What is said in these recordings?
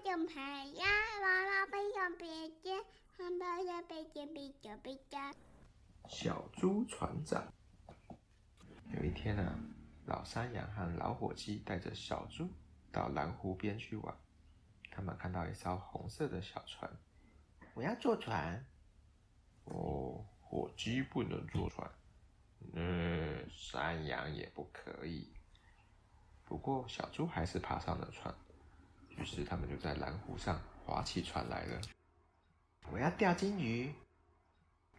小豬船長。有一天呢、啊，老山羊和老火雞帶着小豬到藍湖邊去玩。他們看到一艘紅色的小船。我要坐船。哦，火雞不能坐船，嗯，山羊也不可以。不過小豬還是爬上了船。於是他們就在藍湖上划起船來了。我要釣金魚，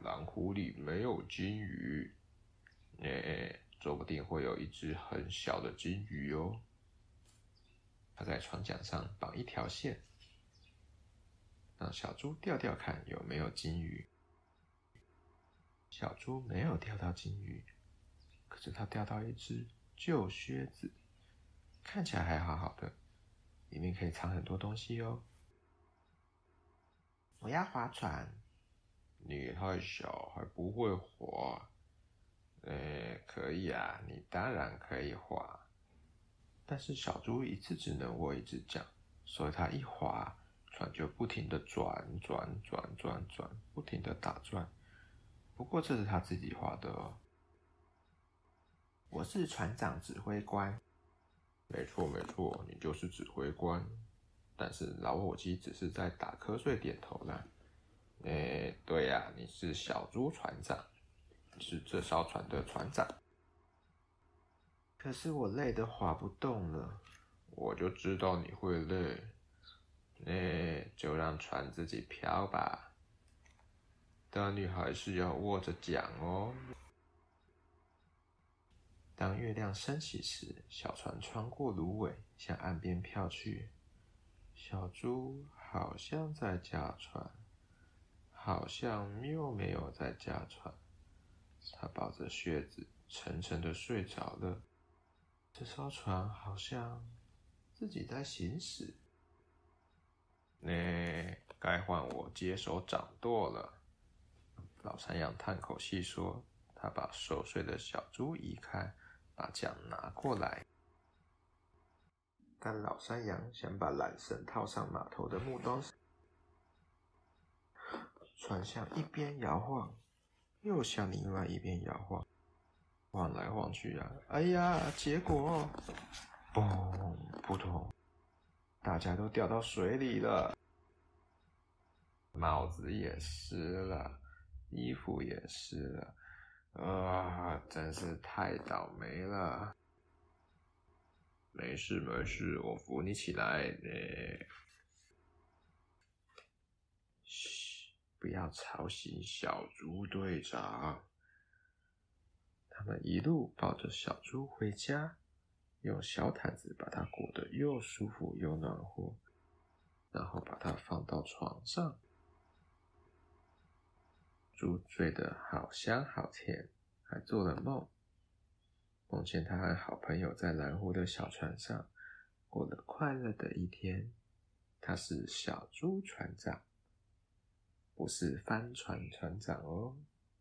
藍湖裡沒有金魚。誒，說不定會有一隻很小的金魚哦。他在船槳上綁一條線，讓小豬釣釣看有沒有金魚。小豬沒有釣到金魚，可是他釣到一隻舊靴子，看起來還好好的。裡面可以藏很多東西喲、哦。我要划船，你太小還不會划。哎、欸，可以啊，你當然可以划。但是小豬一次只能握一支槳，所以它一划船，就不停的轉轉轉轉轉，不停的打轉。不過這是他自己划的哦。我是船長指揮官。沒錯，沒錯，你就是指揮官，但是老夥計只是在打瞌睡點頭啦。誒，對呀，你是小豬船長，你是這艘船的船長。可是我累得划不動了，我就知道你會累，誒，就讓船自己漂吧。但你還是要握着槳哦。當月亮升起時，小船穿過蘆葦，向岸邊飄去。小豬好像在駕船，好像又沒有在駕船。它抱着靴子，沉沉的睡着了。這艘船好像自己在行駛。那、欸、該換我接手掌舵了。老山羊嘆口氣說：“他把熟睡的小豬移開。”把槳拿過來，但老山羊想把纜繩套上碼頭的木樁，船向一邊搖晃，又向另外一邊搖晃，晃來晃去啊！哎呀，結果，嘣，撲通，大家都掉到水裡了，帽子也濕了，衣服也濕了。啊，真是太倒霉了！沒事沒事，我扶你起來。誒、欸，噓，不要吵醒小豬船長。他們一路抱着小豬回家，用小毯子把它裹得又舒服又暖和，然後把它放到床上。豬睡得好香好甜，還做了夢，夢見他和好朋友在藍湖的小船上，過了快樂的一天。他是小豬船長，不是帆船船長哦。